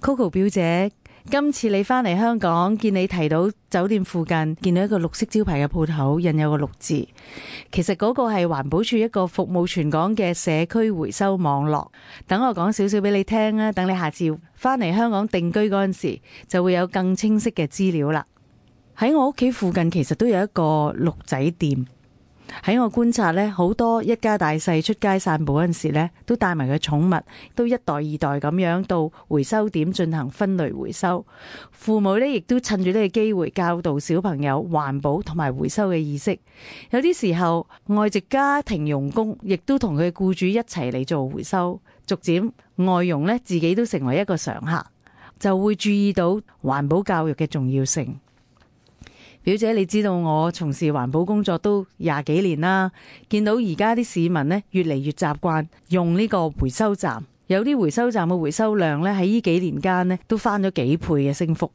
Coco 表姐，今次你返嚟香港，見你提到酒店附近見到一個綠色招牌嘅鋪頭，印有個綠字。其實嗰個係環保署一個服務全港嘅社區回收網絡。等我講少少俾你聽啦，等你下次返嚟香港定居嗰陣時，就會有更清晰嘅資料啦。喺我屋企附近其實都有一個綠仔店。喺我觀察呢，好多一家大細出街散步嗰陣時呢，都帶埋嘅寵物，都一代二代咁樣到回收點進行分類回收。父母呢亦都趁住呢個機會教導小朋友環保同埋回收嘅意識。有啲時候，外籍家庭傭工亦都同佢僱主一齊嚟做回收，逐漸外傭呢，自己都成為一個常客，就會注意到環保教育嘅重要性。小姐，你知道我從事環保工作都廿幾年啦，見到而家啲市民呢，越嚟越習慣用呢個回收站，有啲回收站嘅回收量咧，喺呢幾年間呢都翻咗幾倍嘅升幅。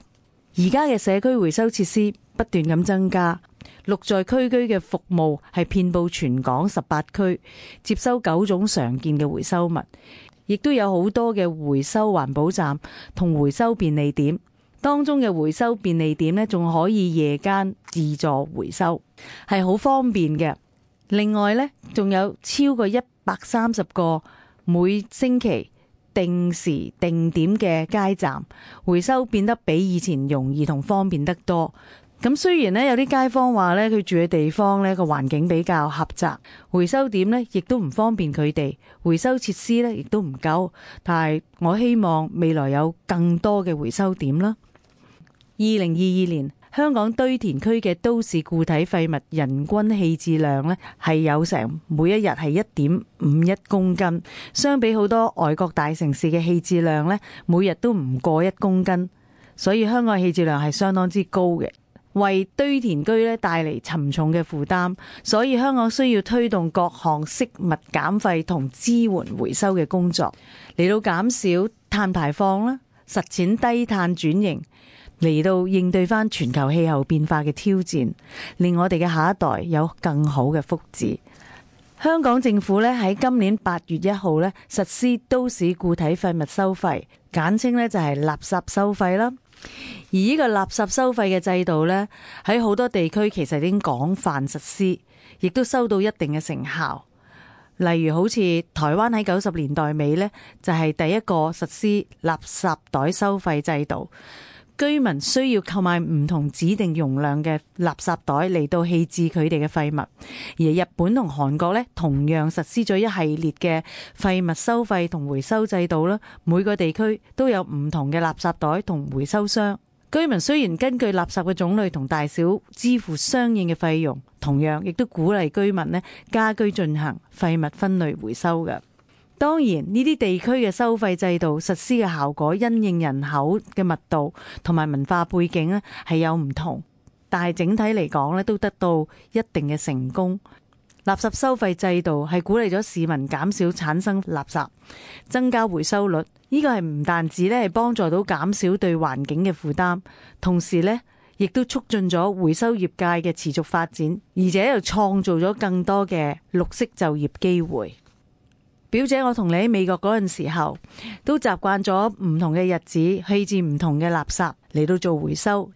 而家嘅社區回收設施不斷咁增加，綠在區區嘅服務係遍佈全港十八區，接收九種常見嘅回收物，亦都有好多嘅回收環保站同回收便利點當中嘅回收便利點呢，仲可以夜間自助回收，係好方便嘅。另外呢仲有超過一百三十個每星期定時定點嘅街站回收，變得比以前容易同方便得多。咁雖然呢，有啲街坊話呢，佢住嘅地方呢個環境比較狹窄，回收點呢亦都唔方便佢哋，回收設施呢亦都唔夠。但係我希望未來有更多嘅回收點啦。二零二二年，香港堆填區嘅都市固體廢物人均棄置量咧係有成每一日係一點五一公斤，相比好多外國大城市嘅棄置量咧，每日都唔過一公斤，所以香港棄置量係相當之高嘅，為堆填區咧帶嚟沉重嘅負擔。所以香港需要推動各項惜物減廢同資源回收嘅工作嚟到減少碳排放啦，實踐低碳轉型。嚟到應對翻全球氣候變化嘅挑戰，令我哋嘅下一代有更好嘅福祉。香港政府呢喺今年八月一號呢實施都市固體廢物收費，簡稱呢就係垃圾收費啦。而呢個垃圾收費嘅制度呢喺好多地區其實已經廣泛實施，亦都收到一定嘅成效。例如好似台灣喺九十年代尾呢就係第一個實施垃圾袋收費制度。居民需要購買唔同指定容量嘅垃圾袋嚟到棄置佢哋嘅廢物，而日本同韓國呢同樣實施咗一系列嘅廢物收費同回收制度啦。每個地區都有唔同嘅垃圾袋同回收箱。居民雖然根據垃圾嘅種類同大小支付相應嘅費用，同樣亦都鼓勵居民呢家居進行廢物分類回收嘅。當然，呢啲地區嘅收費制度實施嘅效果，因應人口嘅密度同埋文化背景咧，係有唔同。但係整體嚟講咧，都得到一定嘅成功。垃圾收費制度係鼓勵咗市民減少產生垃圾，增加回收率。呢個係唔單止咧，係幫助到減少對環境嘅負擔，同時呢亦都促進咗回收業界嘅持續發展，而且又創造咗更多嘅綠色就業機會。表姐，我同你喺美國嗰陣時候，都習慣咗唔同嘅日子棄置唔同嘅垃圾嚟到做回收。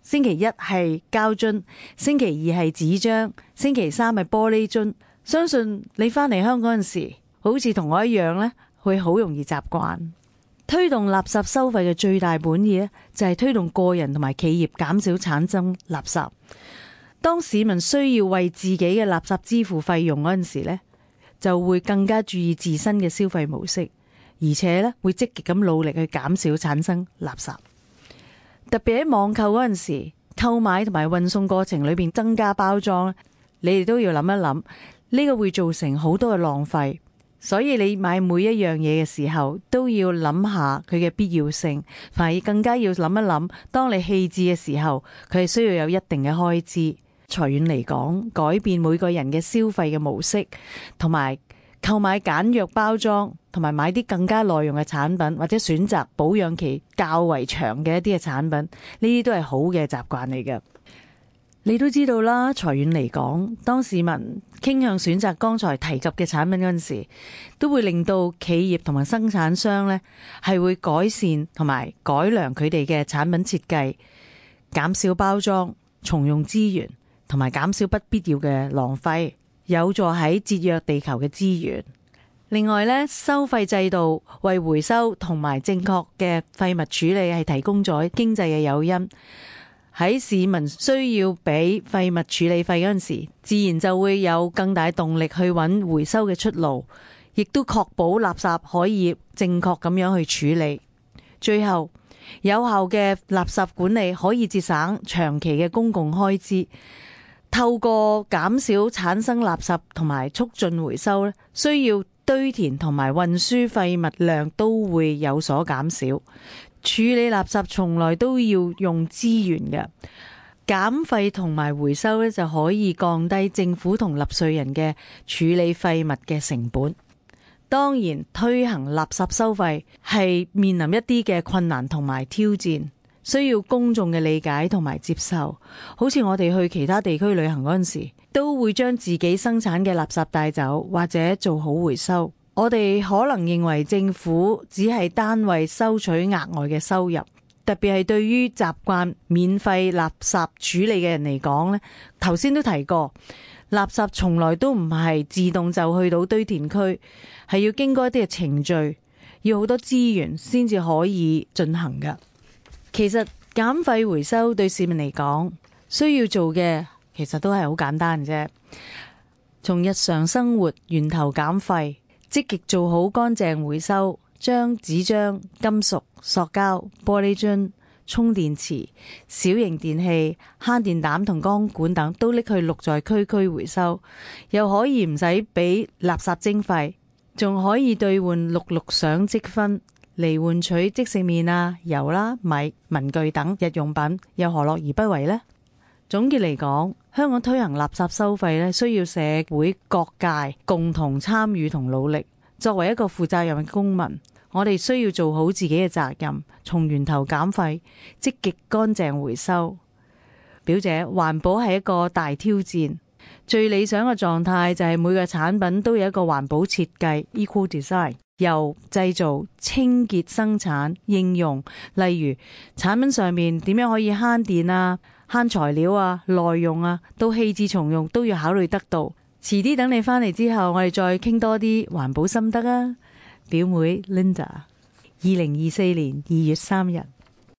星期一係膠樽，星期二係紙張，星期三係玻璃樽。相信你返嚟香港嗰陣時，好似同我一樣呢，會好容易習慣。推動垃圾收費嘅最大本意呢就係推動個人同埋企業減少產生垃圾。當市民需要為自己嘅垃圾支付費用嗰陣時呢。就會更加注意自身嘅消費模式，而且咧會積極咁努力去減少產生垃圾。特別喺網購嗰陣時，購買同埋運送過程裏邊增加包裝，你哋都要諗一諗，呢個會造成好多嘅浪費。所以你買每一樣嘢嘅時候，都要諗下佢嘅必要性，反而更加要諗一諗，當你棄置嘅時候，佢係需要有一定嘅開支。長遠嚟講，改變每個人嘅消費嘅模式，同埋購買簡約包裝，同埋買啲更加耐用嘅產品，或者選擇保養期較為長嘅一啲嘅產品，呢啲都係好嘅習慣嚟嘅。你都知道啦，長遠嚟講，當市民傾向選擇剛才提及嘅產品嗰陣時候，都會令到企業同埋生產商呢係會改善同埋改良佢哋嘅產品設計，減少包裝，重用資源。同埋減少不必要嘅浪費，有助喺節約地球嘅資源。另外呢，收費制度，為回收同埋正確嘅廢物處理係提供咗經濟嘅誘因。喺市民需要俾廢物處理費嗰陣時，自然就會有更大動力去揾回收嘅出路，亦都確保垃圾可以正確咁樣去處理。最後，有效嘅垃圾管理可以節省長期嘅公共開支。透過減少產生垃圾同埋促進回收呢，需要堆填同埋運輸廢物量都會有所減少。處理垃圾從來都要用資源嘅，減廢同埋回收呢，就可以降低政府同納稅人嘅處理廢物嘅成本。當然，推行垃圾收費係面臨一啲嘅困難同埋挑戰。需要公眾嘅理解同埋接受，好似我哋去其他地區旅行嗰陣時，都會將自己生產嘅垃圾帶走，或者做好回收。我哋可能認為政府只係單位收取額外嘅收入，特別係對於習慣免費垃圾處理嘅人嚟講咧。頭先都提過垃圾從來都唔係自動就去到堆填區，係要經過一啲嘅程序，要好多資源先至可以進行嘅。其實減廢回收對市民嚟講，需要做嘅其實都係好簡單嘅啫。從日常生活源頭減廢，積極做好乾淨回收，將紙張、金屬、塑膠、玻璃樽、充電池、小型電器、慳電膽同光管等都拎去綠在區區回收，又可以唔使俾垃圾徵費，仲可以兌換綠綠賞積分。嚟換取即食麵啊、油啦、米、文具等日用品，又何樂而不為呢？總結嚟講，香港推行垃圾收費需要社會各界共同參與同努力。作為一個負責任嘅公民，我哋需要做好自己嘅責任，從源頭減費，積極乾淨回收。表姐，環保係一個大挑戰，最理想嘅狀態就係每個產品都有一個環保設計 e q u a l design）。由製造、清潔、生產、應用，例如產品上面點樣可以慳電啊、慳材料啊、耐用啊，都棄置重用，都要考慮得到。遲啲等你返嚟之後，我哋再傾多啲環保心得啊，表妹 Linda，二零二四年二月三日。